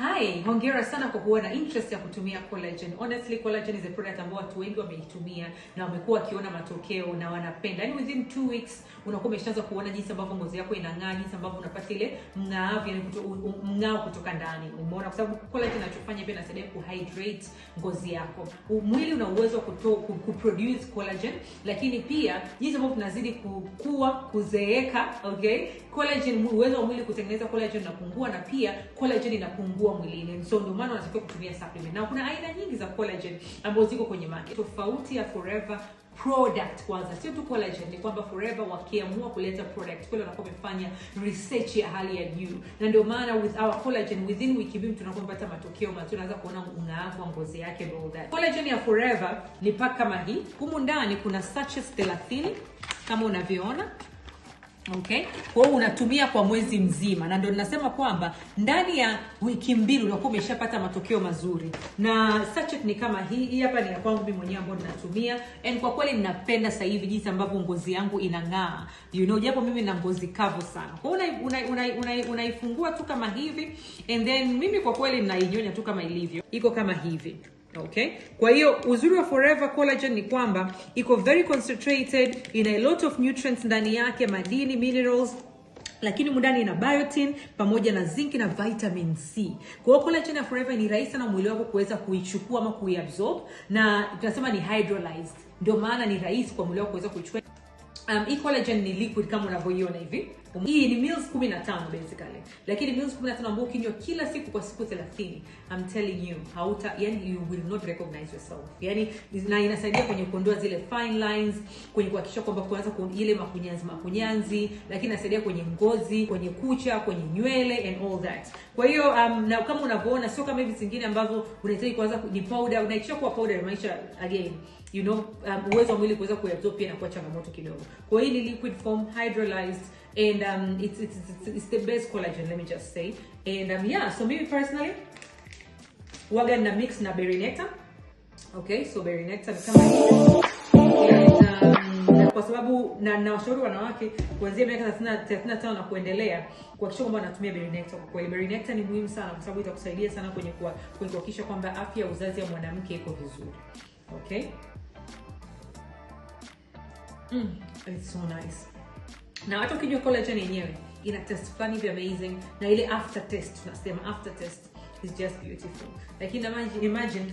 Hi. Hi, hongera sana kwa kuwa na interest ya kutumia collagen. Honestly, collagen is a product ambayo watu wengi wameitumia na wamekuwa wakiona matokeo na wanapenda. Yaani within two weeks unakuwa umeshaanza kuona jinsi ambavyo ngozi yako inang'aa, jinsi ambavyo unapata ile mng'ao yani mng'ao kutoka ndani. Umeona kwa sababu collagen inachofanya pia inasaidia kuhydrate ngozi yako. Mwili una uwezo wa kuproduce collagen, lakini pia jinsi ambavyo tunazidi kukua, kuzeeka, okay? Collagen uwezo wa mwili kutengeneza collagen unapungua na pia collagen inapungua mwili mwilini so ndio maana unatakiwa kutumia supplement na kuna aina nyingi za collagen ambazo ziko kwenye market tofauti ya forever product kwanza, sio tu collagen. Ni kwamba Forever wakiamua kuleta product kweli wanakuwa wamefanya research ya hali ya juu, na ndio maana with our collagen within wiki mbili tunakuwa tunapata matokeo mazuri, tunaweza kuona unaavu ngozi yake and all that. Collagen ya Forever ni paka kama hii, humu ndani kuna sachets 30 kama unavyoona Okay, kwa hiyo unatumia kwa mwezi mzima, na ndio ninasema kwamba ndani ya wiki mbili unakuwa umeshapata matokeo mazuri. Na sachet ni kama hii, hii hapa ni ya kwangu mimi mwenyewe ambayo ninatumia, and kwa kweli ninapenda sasa hivi jinsi ambavyo ngozi yangu inang'aa, you know, japo mimi na ngozi kavu sana. Kwa hiyo unaifungua una, una, una tu kama hivi, and then mimi kwa kweli ninainyonya tu kama ilivyo, iko kama hivi. Okay, kwa hiyo uzuri wa Forever Collagen ni kwamba iko very concentrated, ina a lot of nutrients ndani yake, madini, minerals lakini mundani ina biotin pamoja na zinc na vitamin C. Kwa hiyo collagen ya Forever ni rahisi sana mwili wako kuweza kuichukua ama kuiabsorb, na tunasema ni hydrolyzed, ndio maana ni rahisi kwa mwili wako kuweza kuichukua. Um, collagen ni liquid kama unavyoiona hivi Um, hii ni meals 15 basically. Lakini meals 15 ambayo ukinywa kila siku kwa siku 30, I'm telling you, hauta yani you will not recognize yourself. Yani na inasaidia kwenye kuondoa zile fine lines, kwenye kuhakikisha kwamba kuanza kwa ile makunyanzi makunyanzi, lakini inasaidia kwenye ngozi, kwenye kucha, kwenye nywele and all that. Kwa hiyo um, na kama unavyoona sio kama hivi zingine ambavyo unahitaji kuanza ni powder, unaishia kuwa powder maisha again you know um, uwezo wa mwili kuweza kuyaabsorb pia na kuwa changamoto kidogo. Kwa hiyo ni liquid form hydrolyzed and um, it's, it's, it's, it's the best collagen, let me just say. And um, yeah, so maybe personally, we're gonna mix na berry nectar. Okay, so berry nectar kama hivyo. And um, kwa sababu na nawashauri wanawake kuanzia miaka 35 na kuendelea kuhakikisha kwamba wanatumia berry Kwa kweli berry ni muhimu sana kwa sababu itakusaidia sana kwenye kuhakikisha kwamba afya ya uzazi ya mwanamke iko vizuri. Okay? Mm, it's so nice na hata ukinywa collagen yenyewe ina test fulani hivi amazing na ile after test tunasema after test is just beautiful lakini like imagine, imagine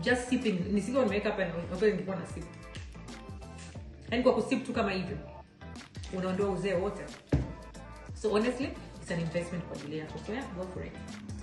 just sipping nisivyo nimeweka hapa nakweli nilikuwa na sip yaani kwa kusip tu kama hivyo unaondoa uzee wote so honestly it's an investment kwa ajili yako so yeah, go for it